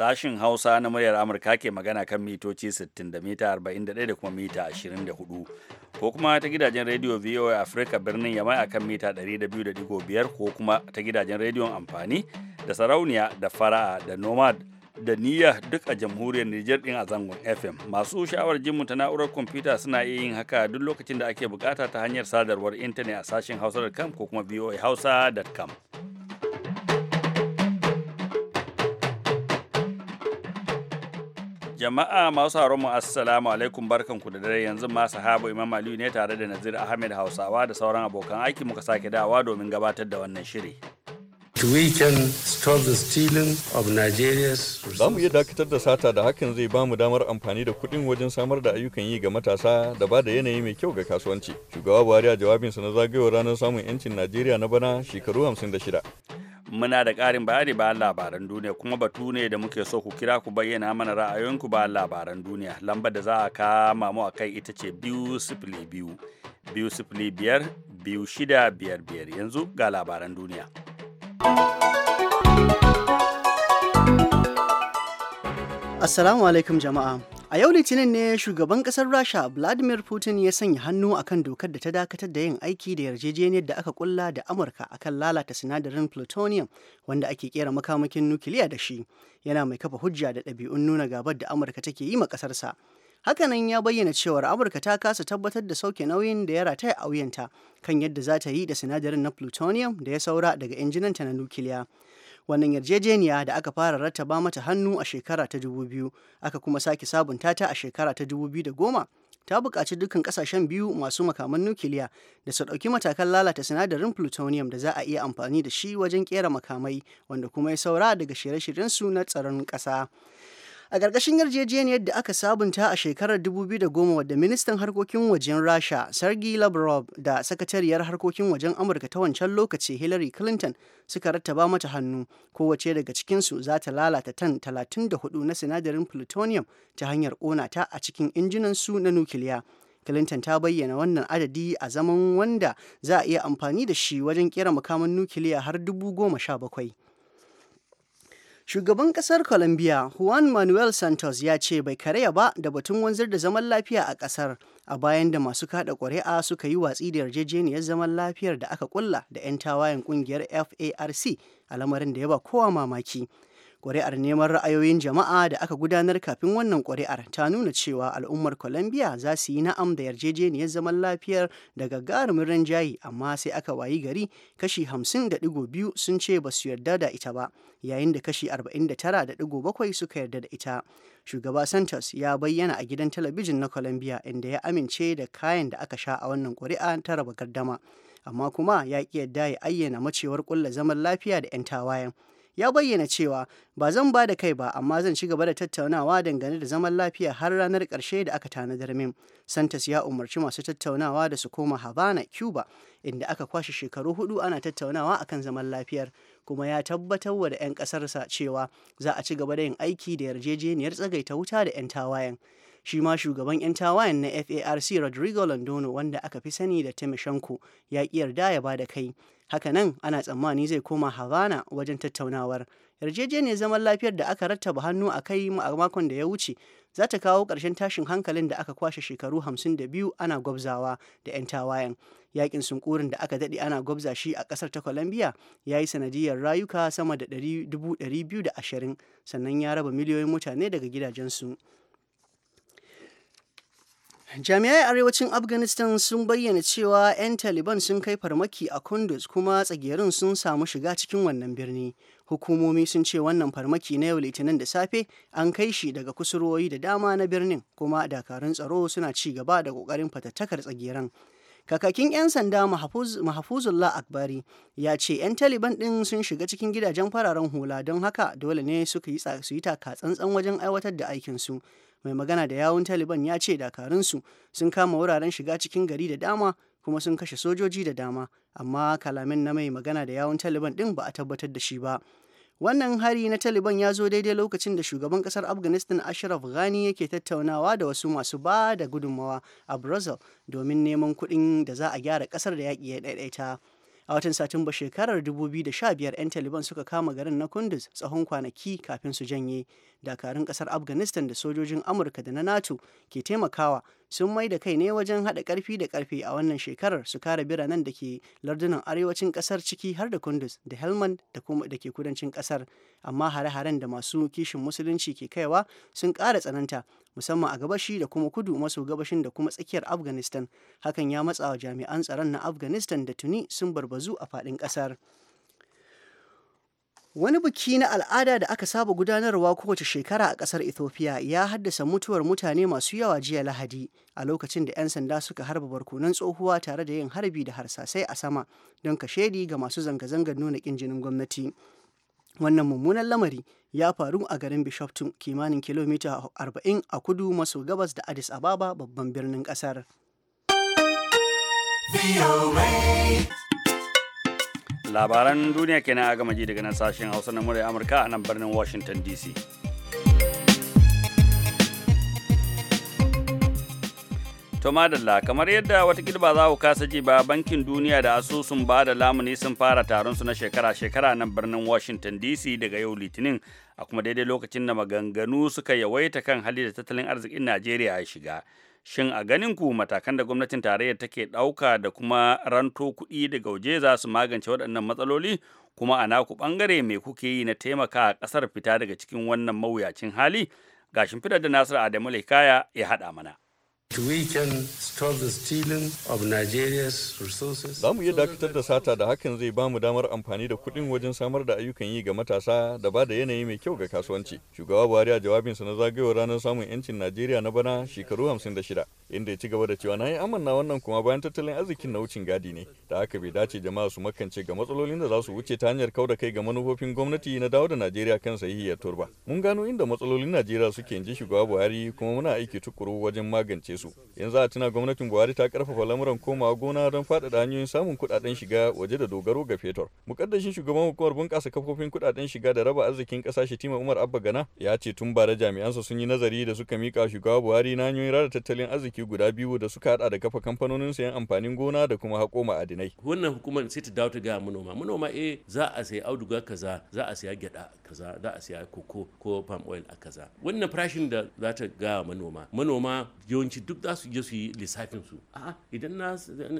Sashin Hausa na muryar Amurka ke magana kan mitoci 60 da mita 41 da kuma mita 24. Ko kuma ta gidajen rediyo VOA Africa birnin Yamai a kan mita 200.5 ko kuma ta gidajen rediyon amfani da sarauniya da fara'a da nomad da niyya duk a jamhuriyar Nijar din a zangon FM. Masu sha'awar jinmu ta na'urar kwamfuta suna iya yin haka duk lokacin da ake bukata ta hanyar sadarwar intanet a sashen hausa.com ko kuma voahausa.com. Jama'a masu mu assalamu alaikum barkanku da dare yanzu ma sahabo Imam Aliyu ne tare da Nazir Ahmed Hausawa da sauran abokan aiki muka sake dawa domin gabatar da wannan shiri. the stealing of Za mu iya dakatar da sata da hakan zai ba mu damar amfani da kuɗin wajen samar da ayyukan yi ga matasa da ba da yanayi mai kyau ga kasuwanci. Shugaba Buhari a jawabinsa na zagayowar ranar samun 'yancin Najeriya na bana shekaru 56. muna da ƙarin bayani bayan labaran duniya kuma batu ne da muke so ku kira ku bayyana mana ra'ayoyinku bayan labaran duniya lambar da za a kama mu a kai ita ce biyu sifili biyu biyu sifili biyar biyu shida biyar biyar yanzu ga labaran duniya assalamu alaikum jama'a A yau Litinin ne shugaban kasar Rasha Vladimir Putin ya sanya hannu akan dokar da ta dakatar da yin aiki da yarjejeniyar da aka kulla da Amurka akan lalata sinadarin plutonium wanda ake kera makamakin nukiliya da shi. Yana mai kafa hujja da ɗabi'un nuna gabar da Amurka take yi ma ƙasarsa. Hakanan ya bayyana cewar Amurka ta kasa tabbatar da sauke nauyin da ya rataya a wuyanta kan yadda za ta yi da sinadarin na plutonium da ya saura daga injinanta na nukiliya. wannan yarjejeniya da aka fara rattaba mata hannu a shekara ta 2000 aka kuma sake sabunta ta a shekara ta 2010 ta bukaci dukkan kasashen biyu masu makaman nukiliya da su ɗauki matakan lalata sinadarin plutonium da za a iya amfani da shi wajen ƙera makamai wanda kuma ya saura daga shirye-shiryensu na tsaron ƙasa A ƙarƙashin yarjejeniyar da aka sabunta a shekarar 2010 wadda ministan harkokin wajen Rasha Sergei Lavrov da sakatariyar harkokin wajen Amurka ta wancan lokaci Hillary Clinton suka rattaba mata hannu kowace daga cikinsu za ta lalata tan 34 na sinadarin plutonium ta hanyar ƙona ta a cikin injinansu na nukiliya. Clinton ta bayyana wannan adadi a zaman wanda za a iya amfani da shi wajen kera makaman nukiliya har dubu goma sha bakwai. Shugaban ƙasar Colombia Juan Manuel Santos ya ce bai karya ba da batun wanzar da zaman lafiya a ƙasar a bayan da masu kada ƙuri'a suka yi watsi da yarjejeniyar zaman lafiyar da aka kulla da 'yan tawayen ƙungiyar FARC a lamarin da ya ba kowa mamaki. Ƙuri'ar neman ra'ayoyin jama'a da aka gudanar kafin wannan ƙuri'ar ta nuna cewa al'ummar Colombia za su yi na'am da yarjejeniyar zaman lafiyar da gagarumin ranjayi amma sai aka wayi gari kashi 50.2 sun ce ba su yarda da ita ba yayin da kashi 49.7 suka yarda da ita. Shugaba Santos ya bayyana a gidan talabijin na Colombia inda ya amince da kayan da aka sha a wannan ƙuri'a ta raba gardama. amma kuma ya ƙi yadda ya ayyana macewar ƙulla zaman lafiya da 'yan tawayen. ya bayyana cewa ba zan ba da kai ba amma zan ci gaba da tattaunawa dangane da zaman lafiya har ranar ƙarshe da aka tanadar min. Santos ya umarci masu tattaunawa da su koma Havana, Cuba, inda aka kwashe shekaru hudu ana tattaunawa akan zaman lafiyar. kuma ya tabbatar wa da 'yan ƙasarsa cewa za a ci gaba da yin aiki da yarjejeniyar tsagaita wuta da 'yan tawayen. shi ma shugaban 'yan tawayen na farc rodrigo londono wanda aka fi sani da timoshenko ya yarda ya ba da kai hakanan ana tsammani zai koma havana wajen tattaunawar yarjejeniyar zaman lafiyar da aka rattaba hannu a kai a makon da ya wuce za ta kawo ƙarshen tashin hankalin da aka kwashe shekaru hamsin da biyu ana gwabzawa da 'yan tawayen yakin sunkurin da aka daɗe ana gwabza shi a ƙasar ta colombia ya yi sanadiyar rayuka sama da 220 sannan ya raba miliyoyin mutane daga gidajensu. Jami'ai arewacin Afghanistan sun bayyana cewa 'yan Taliban sun kai farmaki a Kunduz kuma tsagerin sun samu shiga cikin wannan birni. Hukumomi sun ce wannan farmaki na yau Litinin da safe an kai shi daga kusurwoyi da dama na birnin kuma dakarun tsaro suna ci gaba da ƙoƙarin fatattakar tsagerin. Kakakin 'yan sanda Mahfuzullah Akbari ya ce 'yan Taliban ɗin sun shiga cikin gidajen fararen hula don haka dole ne suka yi tsaka tsantsan wajen aiwatar da aikinsu. mai magana da yawun taliban ya ce dakarunsu sun kama wuraren shiga cikin gari da dama kuma sun kashe sojoji da dama amma kalamin na mai magana da yawun taliban din ba a tabbatar da shi ba wannan hari na taliban ya zo daidai lokacin da shugaban kasar afghanistan ashraf ghani yake tattaunawa da wasu masu ba da gudunmawa a brazil domin neman kuɗin da za a gyara kasar da yaƙi ya ɗaiɗaita a watan satumba shekarar 2015 'yan taliban suka kama garin na kunduz tsawon kwanaki kafin su janye dakarun kasar afghanistan da sojojin amurka da na nato ke taimakawa sun mai da kai ne wajen haɗa karfi da karfi a wannan shekarar su kare biranen da ke lardunan arewacin kasar ciki har da kunduz da helmand da kuma da ke kudancin kasar amma hare-haren da masu kishin musulunci ke kaiwa sun ƙara tsananta musamman a gabashi da kuma kudu maso gabashin da kuma tsakiyar afghanistan hakan ya matsa wa jami'an tsaron na afghanistan da tuni sun barbazu a fadin kasar. wani biki na al'ada da aka saba gudanarwa kowace shekara a kasar ethiopia ya haddasa mutuwar mutane masu yawa jiya lahadi a lokacin da 'yan sanda suka harba barkunan tsohuwa tare da yin harbi da harsasai a sama don kashedi ga masu zanga-zangar nuna kin jinin gwamnati wannan mummunan lamari ya faru a garin bishoftun kimanin kilomita 40 a kudu maso gabas da addis ababa babban birnin kasar labaran duniya kenan a gama ji daga nan sashen hausa na murya amurka a nan birnin washington dc To madalla kamar yadda watakila ba za ku kasa ji ba bankin duniya da asusun ba da lamuni sun fara taron su na shekara-shekara nan birnin Washington DC daga yau Litinin a kuma daidai lokacin da maganganu suka yawaita kan hali da tattalin arzikin Najeriya ya shiga. Shin a ganin ku matakan da gwamnatin tarayyar take ɗauka da kuma ranto kuɗi daga waje za su magance waɗannan matsaloli kuma a naku bangare mai kuke yi na taimaka a ƙasar fita daga cikin wannan mawuyacin hali? gashin fitar da Nasiru Adamu Lekaya ya haɗa mana. Za mu iya dakatar da sata da hakan zai ba mu damar amfani da kuɗin wajen samar da ayyukan yi ga matasa da ba da yanayi mai kyau ga kasuwanci. Shugaba Buhari a jawabinsa na zagayowar ranar samun 'yancin Najeriya na bana shekaru 56, inda ya ci gaba da cewa na yi amanna wannan kuma bayan tattalin arzikin na wucin gadi ne, da haka bai dace jama'a su makance ga matsalolin da za su wuce ta hanyar kauda kai ga manufofin gwamnati na dawo da Najeriya kan sahihiyar turba. Mun gano inda matsalolin Najeriya suke in ji shugaba Buhari kuma muna aiki tukuru wajen magance su yanzu a tuna gwamnatin buhari ta karfafa lamuran komawa gona don faɗaɗa hanyoyin samun kuɗaɗen shiga waje da dogaro ga fetur mukaddashin shugaban hukumar bunƙasa kafofin kuɗaɗen shiga da raba arzikin ƙasa shitima umar abba gana ya ce tun bara jami'ansa sun yi nazari da suka mika shugaba buhari na hanyoyin rada tattalin arziki guda biyu da suka hada da kafa kamfanonin sayan amfanin gona da kuma haƙo ma'adinai wannan hukumar sai ta dawo ta ga manoma manoma eh za a sayi auduga kaza za a saya gyaɗa kaza za a saya koko ko palm oil a kaza wannan farashin da za ta ga manoma manoma yawanci duk za su je su yi lissafin su a'a idan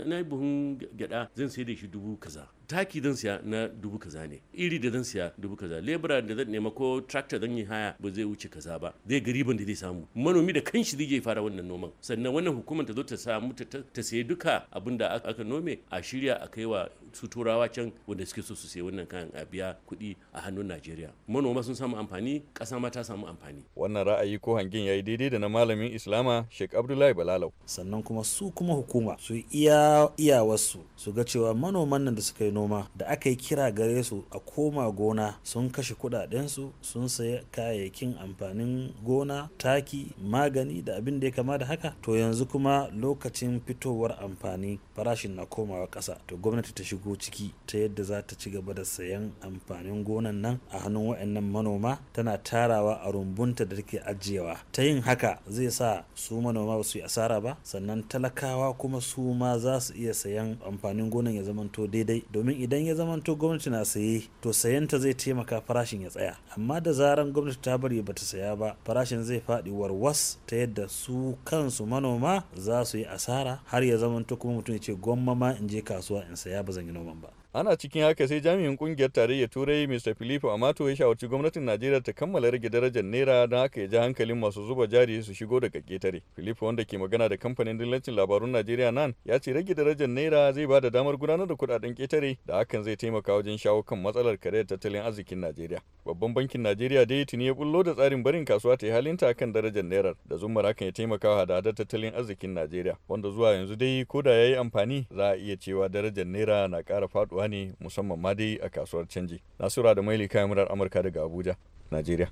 na yi buhun gyada zan sai da shi dubu kaza taki zan siya na dubu kaza ne iri da zan siya dubu kaza lebura da zan nema ko tractor zan yi haya ba zai wuce kaza ba zai ga da zai samu manomi da kanshi zai fara wannan noman sannan wannan hukumar ta zo ta samu ta sayi duka abin da aka nome a shirya a kai wa su turawa can wanda suke so su sayi wannan kayan a biya kuɗi a hannun najeriya manoma sun samu amfani ƙasa ma ta samu amfani wannan ra'ayi ko hangin ya yi daidai da na malamin islama sheikh abdullahi balalau sannan kuma su kuma hukuma su iya iyawarsu su ga cewa manoman nan da suka yi noma da aka yi kira gare su a koma gona sun kashe kudadensu sun saya kayayyakin amfanin gona taki magani da abin da ya kama da haka to yanzu kuma lokacin fitowar amfani farashin na komawa kasa to gwamnati ta shigo ciki ta yadda za ta ci gaba da sayan amfanin gonan nan a hannun wa'annan manoma tana tarawa a rumbunta da take ajiyewa ta yin haka zai sa su manoma ba su yi asara ba sannan talakawa kuma su ma za su iya sayan amfanin gonan ya zamanto daidai domin domin idan ya zamanta gwamnati na saye to sayanta zai taimaka farashin ya tsaya amma da zaran gwamnati ta bari bata saya ba farashin zai faɗi warwas ta yadda su kansu manoma za su yi asara har ya zamanto kuma mutum ya ce gwamma ma in je kasuwa in saya ba zan yi noman ba ana cikin haka sai jami'in kungiyar tarayyar turai mr filippo amato ya shawarci gwamnatin najeriya ta kammala rage darajar naira don haka ya ji hankalin masu zuba jari su shigo daga ketare filippo wanda ke magana da kamfanin dillancin labarun najeriya nan ya ce rage darajar naira zai ba da damar gudanar da kudaden ketare da hakan zai taimaka wajen shawo kan matsalar karayar tattalin arzikin najeriya babban bankin najeriya dai tuni ya bullo da tsarin barin kasuwa ta yi halinta kan darajar naira da zumar hakan ya taimaka wa hadadar tattalin arzikin najeriya wanda zuwa yanzu dai ko da ya yi amfani za a iya cewa darajar naira na ƙara faɗuwa rayuwa ne musamman ma dai a kasuwar canji nasura da maili kayan murar amurka daga abuja najeriya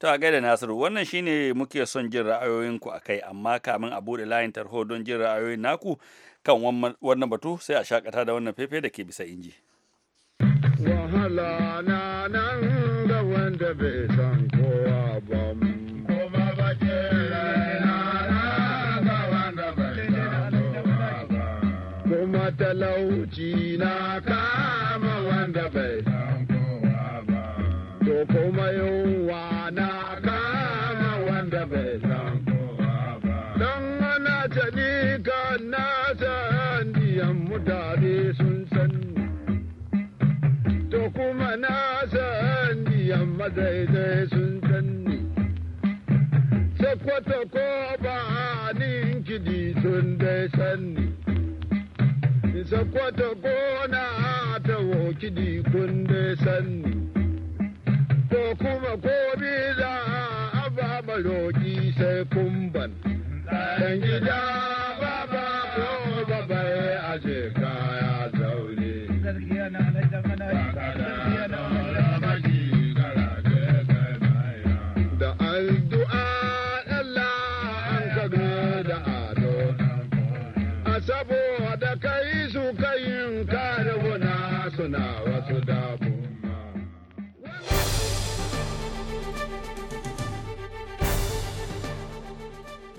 To a gaida Nasiru wannan shine muke son jin ra'ayoyinku a kai amma kamin a bude layin tarho don jin ra'ayoyin naku kan wannan batu sai a shakata da wannan fefe da ke bisa inji. Wahala na nan da wanda bai san kowa ba na kama wanda bai san kowa ba. To kuma yunwa na kama wanda bai san kowa ba. Don ana kan na san diyan mutane sun san To kuma na san diyan madaidai sun san ni. Sakwata ko ba ninki sun dai san Sakwata gona ta wokidi kunde sanni, ko kuma komi za a ba maroki sai kumban. Dan gida baba ko babai a shekara.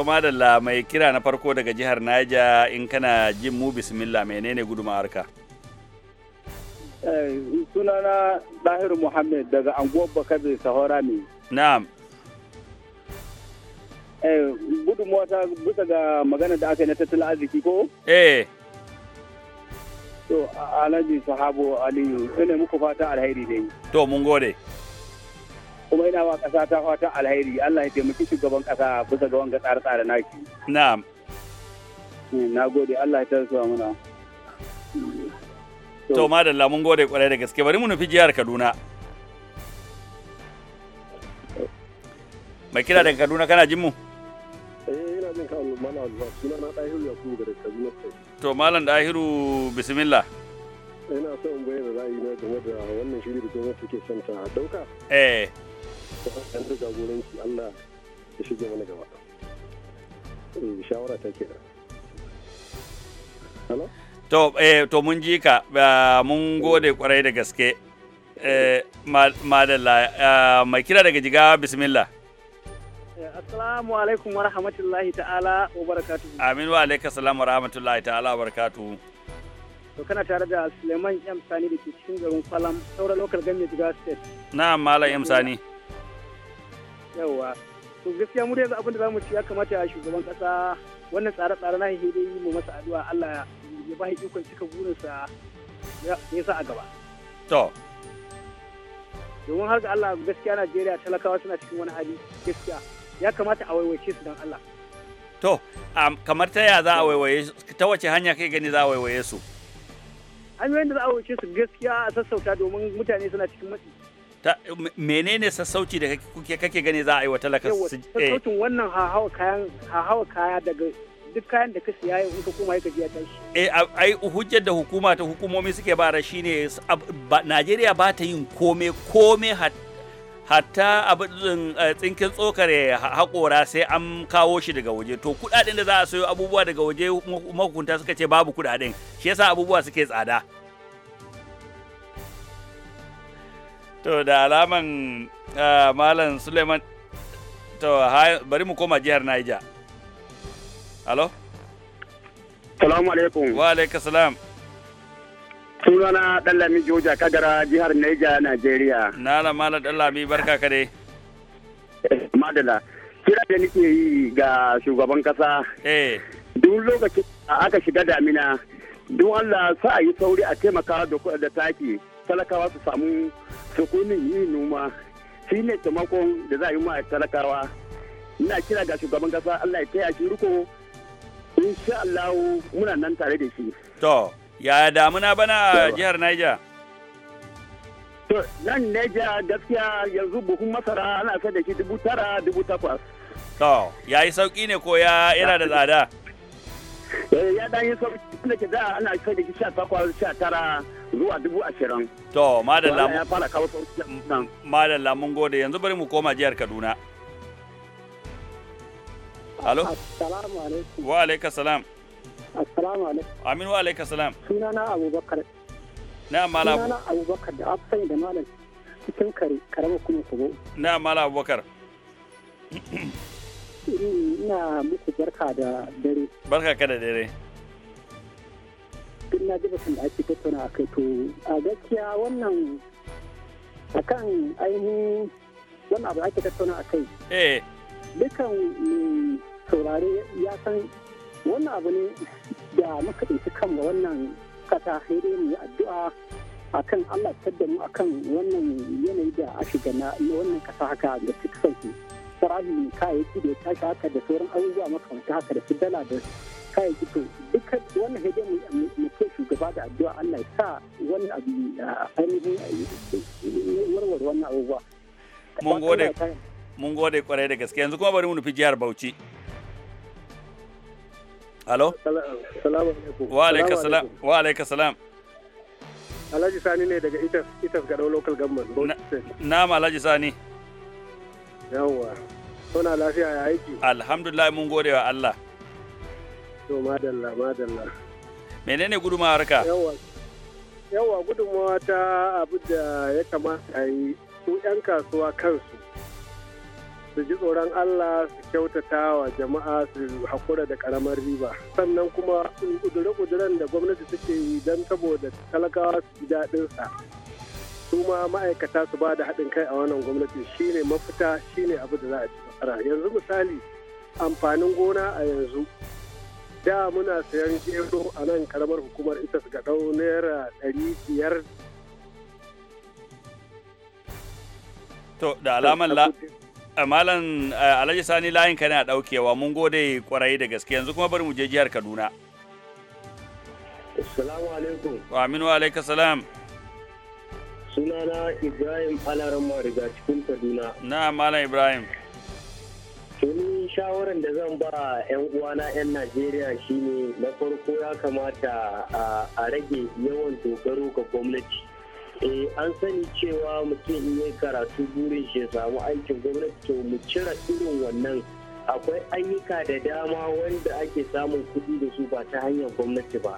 to madalla mai kira na farko daga jihar Naija in kana jin mu bismillah menene Eh, sunana Dahiru Muhammad daga anguwar Bakabe Sahora ne na'am eh gudunmuwa ta bisa ga magana da aka yi na tattalin arziki ko eh to alhaji sahabo aliyu ina muku fata alheri dai to mun gode kuma ina wa ƙasa ta fatan alheri Allah ya taimaki shugaban ƙasa bisa ga wanga tsare-tsare naki na'am eh, na gode Allah ya tarsuwa muna to madalla mun gode kwarai da gaske bari mu nufi jihar Kaduna mai kira daga Kaduna kana jin mu eh ina jin to Malam Dahiru bismillah ina son bayyana ra'ayina game da wannan shiri da gwamnati ke son ta dauka eh an da jagoranci Allah ya shige mana gaba eh, shawara ta kenan hello to eh to mun ji ka mun gode kwarai da gaske eh madalla ah, mai kira daga jiga bismillah eh, Assalamu alaikum wa rahmatullahi ta'ala wa barakatuhu. Amin wa alaika salam wa rahmatullahi ta'ala wa barakatuhu. to kana tare da suleiman m sani da ke cikin garin kwalam saura local government jigawa state na malam m sani yawa to gaskiya mu da yanzu abin da zamu ci ya kamata shugaban kasa wannan tsare-tsare na dai mu masa addu'a Allah ya ba shi ikon cika burinsa ya sa a gaba to domin har ga Allah gaskiya Najeriya talakawa suna cikin wani hali gaskiya ya kamata a waiwace su don Allah to kamar ta ya za a waiwaye ta wace hanya kai gani za a waiwaye su hanyoyin da za a wuce su gaskiya a sassauta domin mutane suna cikin matsi ta menene sassauci da kuke kake gani za a yi wa talaka su je? Eh. sassaucin wannan hahawa kayan hahawa kaya daga duk kayan da ka siya in ka koma ka biya tashi eh ai hujjar da hukuma ta hukumomi suke bara ne, Najeriya ba ta yin kome kome hatta hatta abin eh, tsinkin tsokare haƙora sai an kawo shi daga waje to kuɗaɗen da za a sayo abubuwa daga waje mahukunta suka ce babu kuɗaɗen shi yasa abubuwa suke tsada to da alaman eh, malam suleiman to bari mu koma jihar naija alo salamu alaikum wa alaikum salam sunana ɗanlami joja kagara jihar naija najeriya nala mala ɗanlami barka ka dai madala kira da nike yi ga shugaban kasa eh. duk lokacin aka shiga damina duk allah sa a yi sauri a taimaka da taki talakawa su samu sukunin yin noma shi ne taimakon da za a yi ma talakawa ina kira ga shugaban kasa allah ya taya shi riko insha allahu muna nan tare da shi to ya damuna bana a jihar Niger? To, nan Niger gaskiya yanzu buhun masara ana sai da shi dubu tara dubu takwas. To, ya yi sauƙi ne ko ya yana da tsada? Eh, ya dan yi sauƙi ne ke da ana sai da shi sha takwas sha tara zuwa dubu ashirin. To, madalla mun. Ya fara kawo sauƙi Madalla mun gode yanzu bari mu koma jihar Kaduna. Alo? Assalamu alaikum. Wa alaikum salam. Assalamu alaikum. Aminu alaikum salam. Sunana Abubakar. Na mala. Sunana Abubakar da afsan da malam cikin kare karama kuma kuma. Na mala Abubakar. Ina muku barka da dare. Barka ka da dare. Duk na ji batun da ake tattauna a kai to a gaskiya wannan akan ainihin wannan abu ake tattauna a kai. Eh. Dukan saurare ya san wannan abu ne da muka ɗauki kanmu wannan kasa sai dai mu addu'a akan Allah da mu akan wannan yanayi da a shiga na wannan kasa haka su sauki su ne kayayyaki da ya tashi haka da sauran abubuwa makamanta haka da su dala da kayayyaki to duka wannan sai dai mu ke shugaba da addu'a Allah ya sa wannan abu ainihin warware wannan abubuwa. Mun gode. Mun gode kwarai da gaske yanzu kuma bari mu nufi jihar Bauchi. Halo? Salamu alaikum. Wa alaikum salam. Wa alaikum salam. Alhaji Sani ne daga itaf itaf Gadau Local Government. Na'am Alhaji Sani. yawa Suna lafiya ya aiki. Alhamdulillah mun gode wa Allah. To madalla madalla. Menene gudunmawar ka? yawa yawa gudumawa ta abu da ya kamata a yi su 'yan kasuwa kansu. su ji tsoron Allah su kyautata wa jama'a su hakura da karamar riba sannan kuma kudure-kuduren da gwamnati suke yi don saboda talakawa su ji daɗin sa su ma ma'aikata su ba da haɗin kai a wannan gwamnati shine mafita shine abu da za a ci nasara yanzu misali amfanin gona a yanzu da muna sayan gero a nan karamar hukumar ita su ga naira ɗari biyar to da alamar la Eh, malam eh, alhaji sani layin ka na daukewa mun gode kwarai da gaske yanzu kuma bari mu je jihar kaduna assalamu alaikum wa aminu alaikum salam sunana ibrahim alaran riga cikin kaduna na malam ibrahim tuni shawaran da zan ba 'yan uwana 'yan najeriya shine na farko ya kamata a rage yawan dogaro ga gwamnati eh an sani cewa mutum ya karatu burin shi ya samu aikin gwamnati to mu cire irin wannan akwai ayyuka da dama wanda ake samun kuɗi da su ba ta hanyar gwamnati ba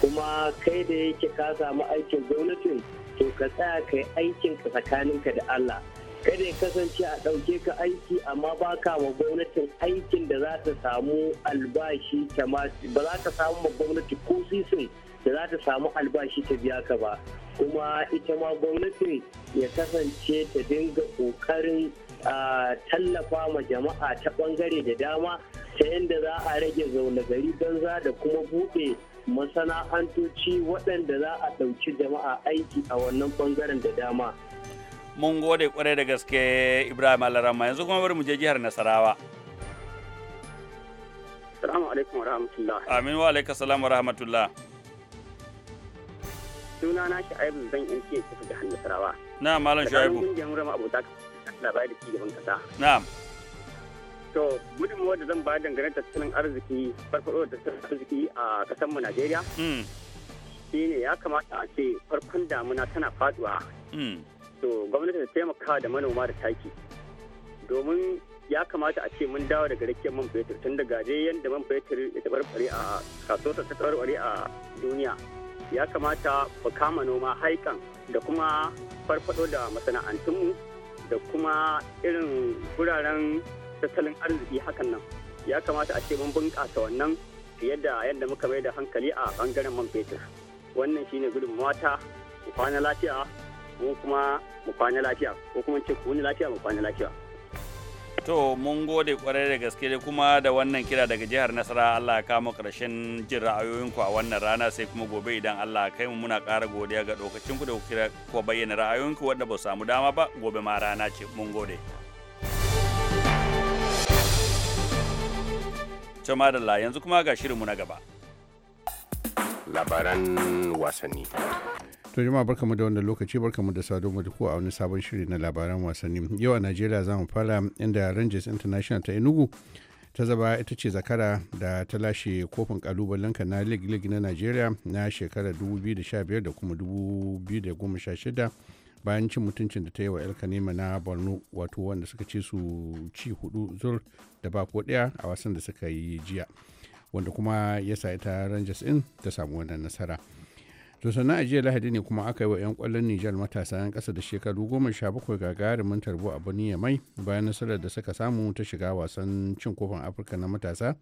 kuma kai da yake ka samu aikin gwamnatin to ka tsaya ka yi aikin ka tsakaninka da Allah kada ya kasance a ɗauke ka aiki amma baka ka ma gwamnatin aikin da za ta samu albashi ba za ta samu ma gwamnati ko sisin da za ta samu albashi ta biya ka ba kuma ita ma gwamnatin ya kasance ta dinga kokarin tallafa ma jama'a ta bangare da dama ta yadda za a rage zaune gari banza da kuma buɗe masana'antoci waɗanda za a ɗauki jama'a aiki a wannan bangaren da dama. Mun gode kwarai da gaske Ibrahim Alarama yanzu kuma bari mu je jihar Nasarawa. Salamu alaikum wa rahmatullah. Amin wa alaikum salam wa rahmatullah. suna na sha'ibu zan yi ce fi hannu sarawa. na malam sha'ibu da kungiyar rama abota labari da cigaban kasa na to gudun da zan ba dangane tattalin arziki farfaɗo da tattalin arziki a mu najeriya hmm. shine ya kamata a ce farkon damuna tana faduwa hmm. to gwamnati ta taimaka da manoma da taki domin ya kamata a ce mun dawo daga rikiyar man fetur tun da je yadda man fetur ya tabarbare a kasuwar ta a duniya ya kamata mu kama noma haikan da kuma farfado da masana'antunmu da kuma irin wuraren tattalin arziki hakan nan ya kamata a ce mun bunƙasa wannan fiye da yadda muka mai da hankali a bangaren man fetur wannan shine gudun mata mu kwana lafiya mu kuma mu kwana lafiya ko kuma ce ku wani lafiya mu kwana lafiya To mun gode kwarai da gaske da kuma da wannan kira daga jihar Nasara Allah ya kama karshen jin ra'ayoyinku a wannan rana sai kuma gobe idan Allah kai mu muna ƙara godiya ga dokacin ku da kira ko bayyana ra'ayoyinku wanda ba samu dama ba gobe ma rana ce mun gode. Cama da yanzu kuma ga shirinmu na gaba. Labaran wasanni. To jama'a barkamu da wannan lokaci mu da sado mu duku a wani sabon shiri na labaran wasanni. Yau a Najeriya za mu fara inda Rangers International ta Enugu ta zaba ita ce zakara da ta lashe kofin kalubalen na league league na Najeriya na shekarar 2015 da kuma 2016 bayan cin mutuncin da ta yi wa El Kanema na Borno wato wanda suka ce su ci hudu zur da ba ko daya a wasan da suka yi jiya wanda kuma ya sa ita Rangers din ta samu wannan nasara. to sannan a jiya lahadi ne kuma aka yi wa 'yan kwallon nijar matasa 'yan kasa da shekaru goma sha bakwai gagarumin tarbo a birnin yamai bayan nasarar da suka samu ta shiga wasan cin kofin afirka na matasa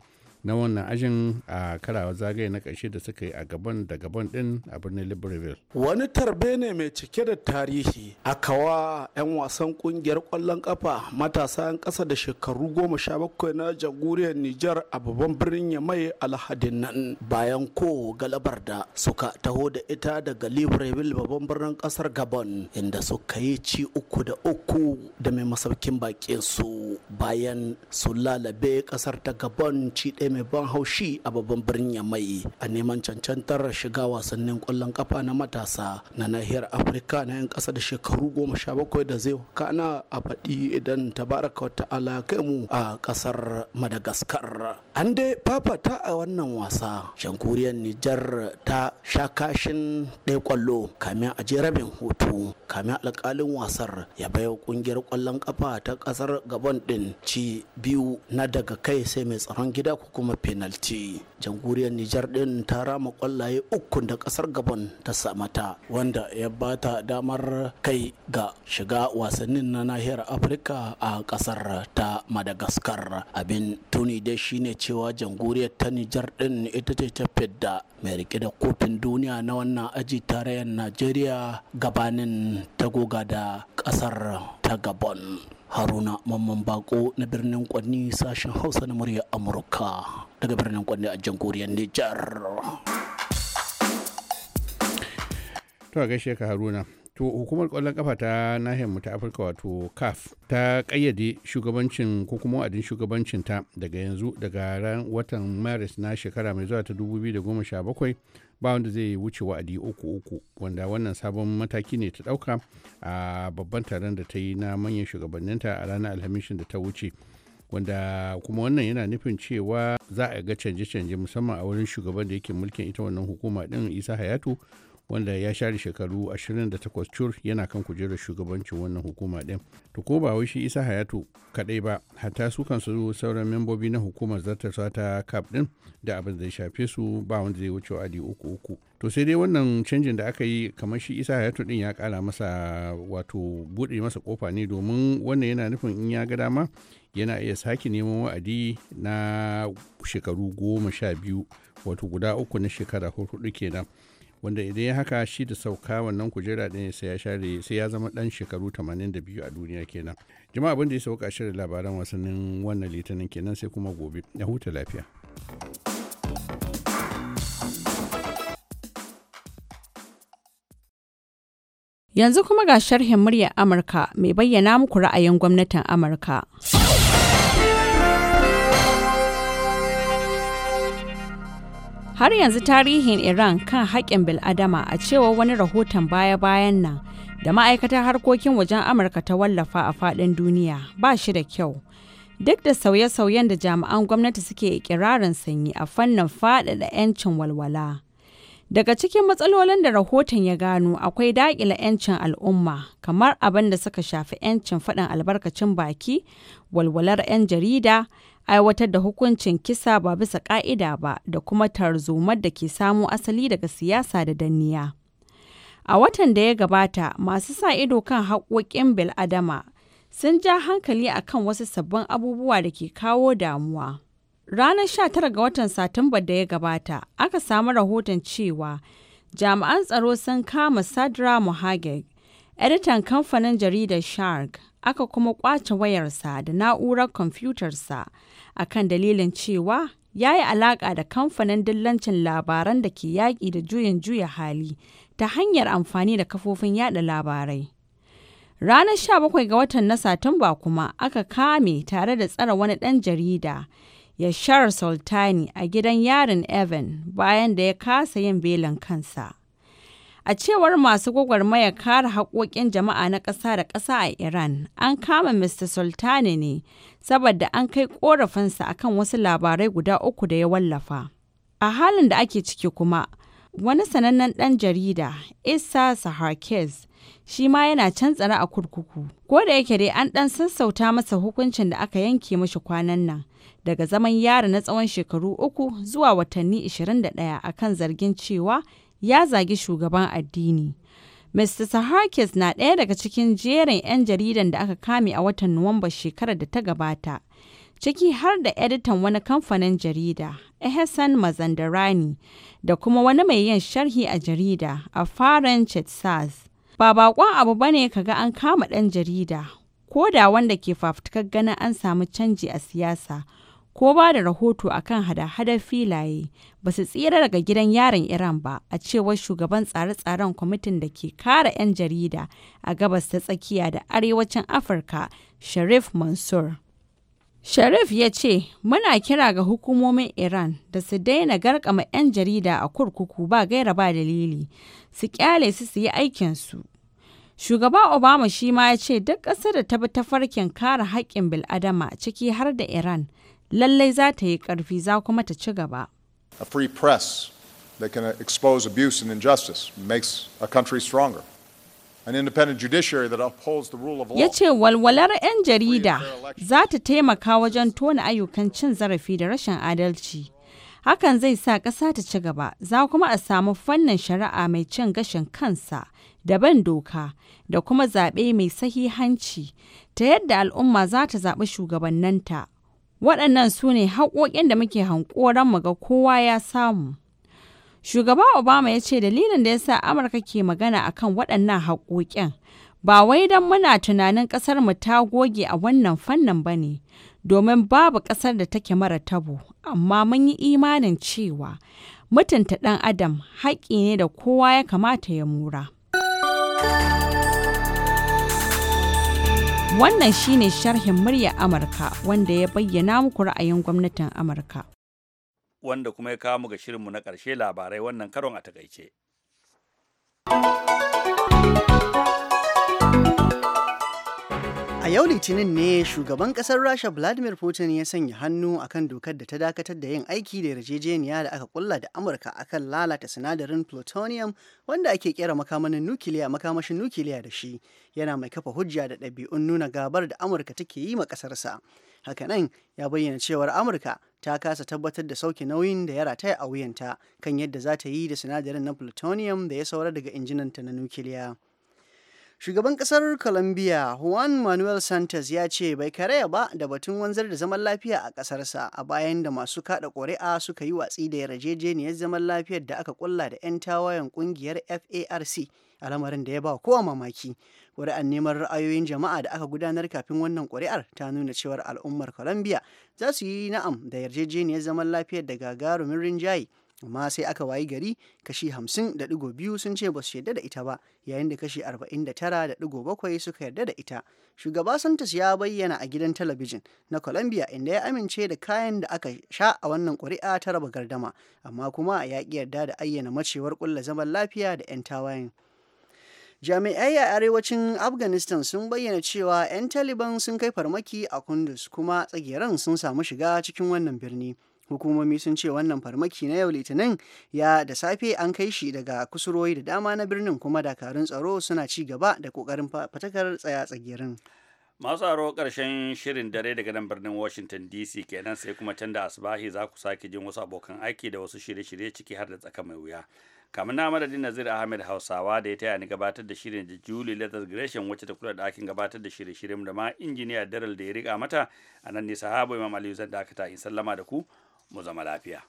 na wannan ajin a karawa zagaye na ƙarshe da suka yi a gaban da gaban din a birnin libreville wani tarbe ne mai cike da tarihi a kawa 'yan wasan kungiyar kwallon kafa matasa 'yan ƙasa da shekaru goma sha bakwai na jamhuriyar nijar a babban birnin ya mai alhadin nan bayan ko galabar da suka taho da ita daga libreville babban birnin kasar gabon inda suka yi ci uku da uku da mai masaukin bakin su bayan su lalabe ƙasar ta gabon ci ɗaya tsaye mai ban haushi a babban birnin yamai a neman cancantar shiga wasannin kwallon kafa na matasa na nahiyar afirka na 'yan kasa da shekaru goma sha bakwai da zai kana a faɗi idan tabaraka wata ala kai mu a kasar madagascar an dai fafata a wannan wasa shankuriyar nijar ta sha kashin ɗaya kwallo kamin a je rabin hutu kamin alkalin wasar ya baiwa ƙungiyar kwallon kafa ta kasar gabon din ci biyu na daga kai sai mai tsaron gida kuka kuma penalty jamhuriyar nijar din ta rama kwallaye uku da kasar gabon ta samata wanda ya bata damar kai ga shiga wasannin na nahiyar afirka a kasar ta madagascar abin tuni dai shine cewa jamhuriyar ta nijar din ita ce ta fidda mai rike da kofin duniya na wannan aji tarayyar najeriya gabanin tagoga da kasar ta gabon haruna mamman bako na birnin kwanni sashen hausa na murya amurka daga birnin kwanni a jamhuriyar nijar to gaishe ka haruna to hukumar kwallon kafa ta nahiyar mu ta afirka wato caf ta kayyade shugabancin ko kuma wa'adin shugabancin ta daga yanzu daga ran watan maris na shekara mai zuwa ta 2017 ba wanda zai wuce wa'adi uku uku wanda wannan sabon mataki ne ta dauka a babban taron da ta yi na manyan shugabanninta a ranar alhamishin da ta wuce wanda kuma wannan yana nufin cewa za a ga canje-canje musamman a wurin shugaban da yake mulkin ita wannan hukuma din isa hayatu wanda ya share shekaru 28 cur yana kan kujerar shugabancin wannan hukuma ɗin to ko ba wai shi isa hayatu kaɗai ba hatta su kansu sauran membobi na hukumar zata sata cap ɗin da abin zai shafe su ba wanda zai wuce adi uku uku to sai dai wannan canjin da aka yi kamar shi isa hayatu ɗin ya kara masa wato buɗe masa kofa ne domin wannan yana nufin in ya ga dama yana iya sake neman wa'adi na shekaru goma sha biyu wato guda uku na shekara hudu kenan wanda idan ya haka shi da sauka wannan kujera ɗin sai ya share sai ya zama ɗan shekaru 82 a duniya kenan jama'a abin da ya sauka shirin labaran wasannin wannan litinin kenan sai kuma gobe ya huta lafiya yanzu kuma ga sharhin muryar amurka mai bayyana muku ra'ayin gwamnatin amurka har yanzu tarihin iran kan haƙƙin bil'adama a cewa wani rahoton baya-bayan nan da ma'aikatar harkokin wajen amurka ta wallafa a faɗin duniya ba shi da kyau duk da sauye-sauyen da jami'an gwamnati suke ikirarin sanyi a fannin faɗaɗa 'yancin walwala daga cikin matsalolin da rahoton ya gano akwai daƙila 'yancin al'umma kamar abin da suka shafi 'yancin faɗin albarkacin baki walwalar 'yan jarida aiwatar da hukuncin kisa ba bisa ƙa'ida ba da kuma tarzomar da ke samo asali daga siyasa da danniya. A watan da ya gabata, masu sa ido kan haƙoƙin bil'adama sun ja hankali a kan wasu sabbin abubuwa da ke kawo damuwa. Ranar 19 ga watan Satumba da ya gabata, aka samu rahoton cewa jami'an tsaro sun kama Sadra Muhageg, editan kamfanin jaridar shark aka kuma kwace wayarsa da na'urar kwamfutarsa akan dalilin cewa ya yi alaƙa da kamfanin dillancin labaran da ke yaƙi da juyin juya hali ta hanyar amfani da kafofin yada labarai. Ranar 17 ga watan na Satumba kuma aka kame tare da tsara wani ɗan jarida Yashar Sultani a gidan yarin Evan bayan da ya kasa yin belin kansa. A cewar masu gwagwarmaya kare haƙoƙin jama'a na ƙasa da ƙasa a Iran, an kama Mr. Sultani ne saboda an kai ƙorafinsa akan wasu labarai guda uku da ya wallafa. A halin da ake ciki kuma, wani sanannen ɗan jarida, Issa Saharkes, shi ma yana can tsare a kurkuku. Ko da yake dai an ɗan sassauta masa hukuncin da aka yanke mashi kwanan nan. daga zaman yari na tsawon shekaru uku zuwa watanni 21 akan zargin cewa ya zagi shugaban addini. Mr. Saharkis na ɗaya daga cikin jerin 'yan jaridan da aka kame a watan Nuwamba shekarar da ta gabata, ciki har da editan wani kamfanin jarida, Ehsan Mazandarani, da kuma wani mai yin sharhi a jarida a Faran Chetsas. Ba bakon abu ba ne ga an kama ɗan jarida, ko da wanda ke fafutukar ganin an samu canji a siyasa, ko ba da rahoto a kan hada-hadar filaye ba su tsira daga gidan yaron Iran ba a cewar shugaban tsare-tsaren kwamitin da ke kare 'yan jarida a gabas ta tsakiya da arewacin Afirka Sharif Mansur. Sharif ya ce, Muna kira ga hukumomin Iran da su daina garkama 'yan jarida a kurkuku ba gaira ba dalili, su kyale su su yi aikinsu. Shugaba Obama shi ma ya ce duk ƙasar da ta bi ta tafarkin kare haƙƙin bil'adama ciki har da Iran lallai za ta yi ƙarfi za kuma ta ci gaba. A free press that can expose abuse and injustice makes a country stronger. An independent judiciary that upholds the rule of law. Ya ce walwalar 'yan jarida za ta taimaka wajen tona ayyukan cin zarafi da rashin adalci. Hakan zai sa ƙasa ta ci gaba, za kuma a samu fannin shari'a mai cin gashin kansa da ban doka da kuma zaɓe mai sahihanci ta yadda al'umma za ta zaɓi shugabanninta. waɗannan su ne haƙoƙin da muke hankoran mu ga kowa ya samu shugaba obama ya ce dalilin da ya sa amurka ke magana a kan waɗannan haƙoƙin ba wai don muna tunanin ƙasar mu ta goge a wannan fannin ba ne domin babu ƙasar da take mara tabo amma mun yi imanin cewa mutunta ɗan adam haƙƙi ne da kowa ya kamata ya mura. Wannan shine sharhin murya Amurka wanda ya bayyana muku ra'ayin gwamnatin Amurka. Wanda kuma ya kawo mu ga shirinmu na ƙarshe labarai wannan karon a takaice. A yau Litinin ne shugaban kasar Rasha Vladimir Putin ya sanya hannu akan dokar da ta dakatar da yin aiki da yarjejeniya da aka kulla da Amurka a kan lalata sinadarin plutonium wanda ake kera makamashin nukiliya makamashin nukiliya da shi yana mai kafa hujja da ɗabi'un nuna gabar da Amurka take yi ma ƙasarsa. Hakanan ya bayyana cewar Amurka ta kasa tabbatar da sauke nauyin da ya rataya a wuyanta kan yadda za ta yi da sinadarin na plutonium da ya saura daga injinanta na nukiliya. Shugaban ƙasar Colombia Juan Manuel Santos ya ce bai karaya ba da batun wanzar da zaman lafiya a ƙasarsa a bayan da masu kaɗa ƙuri'a suka yi watsi da yarjejeniyar zaman lafiyar da aka kulla da 'yan tawayen ƙungiyar FARC a lamarin da ya ba kowa mamaki. Ƙuri'ar neman ra'ayoyin jama'a da aka gudanar kafin wannan ƙuri'ar ta nuna cewar al'ummar Colombia za su yi na'am da yarjejeniyar zaman lafiyar da gagarumin rinjaye amma sai aka wayi gari kashi 50.2 sun ce ba su yarda da ita ba yayin da kashi 49.7 suka yarda da ita shugaba santos ya bayyana a gidan talabijin na colombia inda ya amince da kayan da aka sha a wannan ƙuri'a ta raba gardama amma kuma ya ƙi yarda da ayyana macewar ƙulla zaman lafiya da 'yan tawayen jami'ai a arewacin afghanistan sun bayyana cewa 'yan taliban sun kai farmaki a kundus kuma tsagiran sun samu shiga cikin wannan birni hukumomi sun ce wannan farmaki na yau litinin ya da safe an kai shi daga kusurwoyi da dama na birnin kuma dakarun tsaro suna ci gaba da kokarin fatakar tsaya tsagirin masu aro karshen shirin dare daga nan birnin washington dc kenan sai kuma can da asibahi za ku sake jin wasu abokan aiki da wasu shirye-shirye ciki har da tsaka mai wuya kamar na madadin nazir ahmed hausawa da ya taya ni gabatar da shirin da julie leather gresham wacce ta kula da aikin gabatar da shirye-shiryen da ma injiniya daryl da ya riga mata a nan nisa habu imam aliyu zan dakata in sallama da ku mu